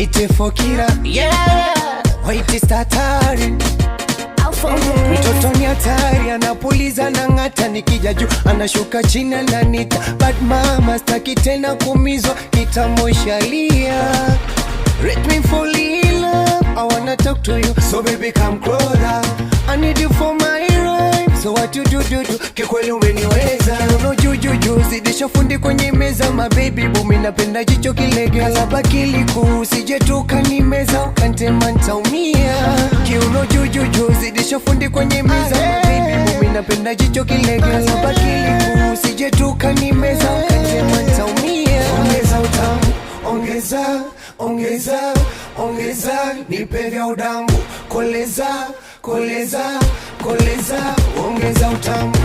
Hate for kira yeah. Wait is statari mtoto ni hatari, anapuliza na ng'ata, nikija juu anashuka chini ananita but mama, staki tena kumizwa, kitamoshalia Let me for in love, I wanna talk to you, so baby come closer, I need you for my life So what you do do do, kikweli umeniweza no juu juu juu, zidisha fundi kwenye meza, ma baby bumi, napenda jicho kilege kasaba kiliku, sije tuka ni meza, ukantema ntaumia, kiuno juu juu juu, zidisha fundi kwenye meza, ma baby bumi, napenda jicho kilege kasaba kiliku, sije tuka ni meza, ukantema ntaumia, ongeza utamu, ongeza ongeza ongeza, nipe vya udamu, koleza koleza koleza Cause I'm